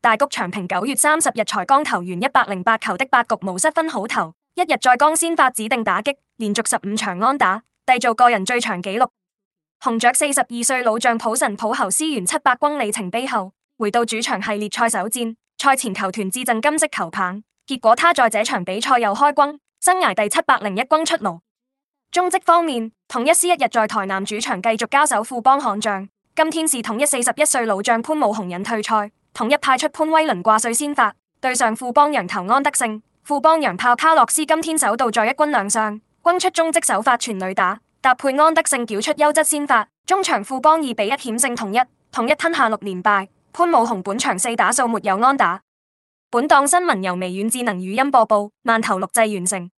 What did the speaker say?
大谷翔平九月三十日才剛投完一百零八球的八局無失分好投，一日再剛先發指定打擊，連續十五場安打，締造個人最長紀錄。紅雀四十二歲老將普神普侯思完七百轟里程碑後，回到主場系列賽首戰，賽前球團致敬金色球棒，結果他在這場比賽又開轟，生涯第七百零一轟出爐。中職方面，統一獅一日在台南主場繼續交手富邦悍將，今天是統一四十一歲老將潘武雄引退賽。統一派出潘威倫掛帥先發，對上富邦洋投安德勝，富邦洋炮卡洛斯今天首度在一軍亮相，轟出中職手法全壘打，搭配安德勝繳出優質先發，中場富邦二比一險勝統一，統一吞下六連敗，潘武雄本場四打數沒有安打。本檔新聞由微軟智能語音播報，慢頭錄製完成。